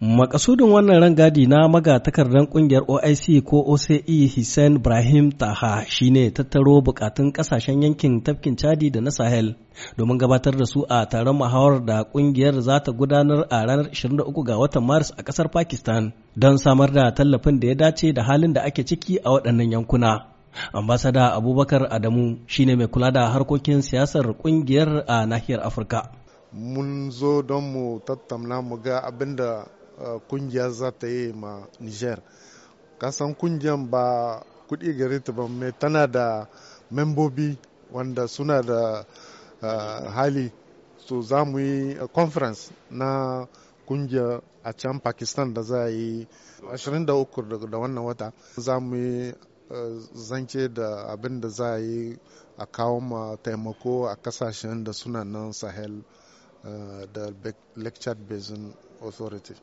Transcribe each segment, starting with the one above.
Makasudin wannan rangadi na magatakardan kungiyar OIC ko OCE Hussein Ibrahim Taha shine tattaro bukatun kasashen yankin tafkin Chadi da na Sahel domin gabatar da su a taron muhawar da kungiyar za ta gudanar a ranar 23 ga watan Maris a kasar Pakistan don samar da tallafin da ya dace da halin da ake ciki a waɗannan yankuna. Ambasada Abubakar Adamu shine mai kula da harkokin siyasar kungiyar a nahiyar Afirka. Mun zo don mu tattauna mu ga abin da Eh, kungiya za ta yi ma niger kasan kungiyar ba kudi gare ta ba mai tana da membobi wanda suna da eh, hali so za mu yi eh, conference na kungiya a can pakistan da za a yi 23 da wannan wata za mu yi zance da abin da za a yi a kawo ma taimako a kasashen da suna nan sahel da lecture basin authority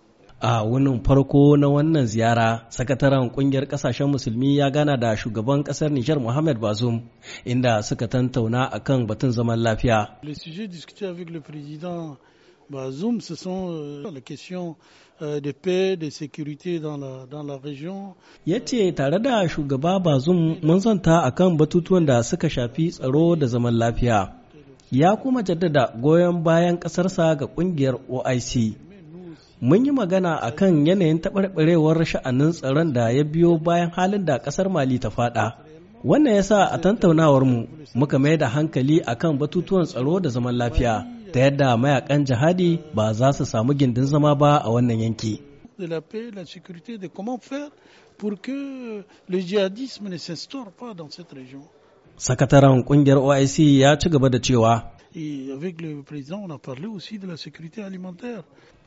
A wunin farko na wannan ziyara, sakataren kungiyar kasashen musulmi ya gana da shugaban kasar Nijar Mohamed Bazoum inda suka tantauna akan batun zaman lafiya. Bazoum, ce sont euh, les questions euh, de paix, de Ya ce tare da shugaba Bazoum mun zanta akan batutuwan da suka shafi tsaro da zaman lafiya. Ya kuma jaddada goyon bayan kasarsa ga ƙungiyar OIC. mun yi magana a kan yanayin taɓarɓarewar sha'anin tsaron da ya biyo bayan halin da ƙasar mali ta faɗa wannan ya sa a tantaunawar mu muka mai da hankali a kan batutuwan tsaro da zaman lafiya ta yadda mayakan jihadi ba za su samu gindin zama ba a wannan yanki Sakataren kungiyar OIC ya ci gaba da cewa Et avec le président, on a parlé aussi de la sécurité alimentaire.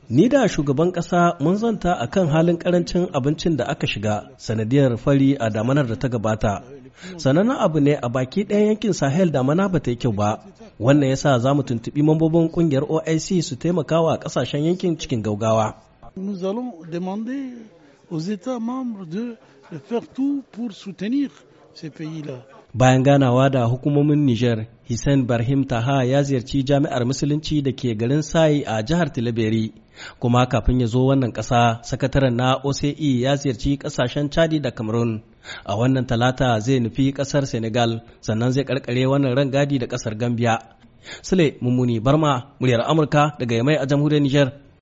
Ni da shugaban ƙasa mun zanta a kan halin ƙarancin abincin da aka shiga sanadiyar fari a damanar da ta gabata. Sanannen abu ne a baki ɗayan yankin Sahel damana ba ta yi kyau ba. Wannan yasa za mu tuntuɓi mambobin ƙungiyar OIC su taimaka wa ƙasashen yankin cikin gaugawa. Nous allons demander aux États membres de faire tout pour soutenir ces pays-là. bayan ganawa da hukumomin Nijar, Hussein Barhim Taha ya ziyarci jami'ar musulunci da ke garin Sai a jihar Tilaberi. Kuma kafin ya zo wannan ƙasa, sakataren na OCE ya ziyarci ƙasashen Chadi da Cameroon. A wannan talata zai nufi ƙasar Senegal, sannan zai karkare wannan rangadi da ƙasar Gambia. Sule Mummuni Barma, muryar Amurka daga Yamai a jamhuriyar Nijar.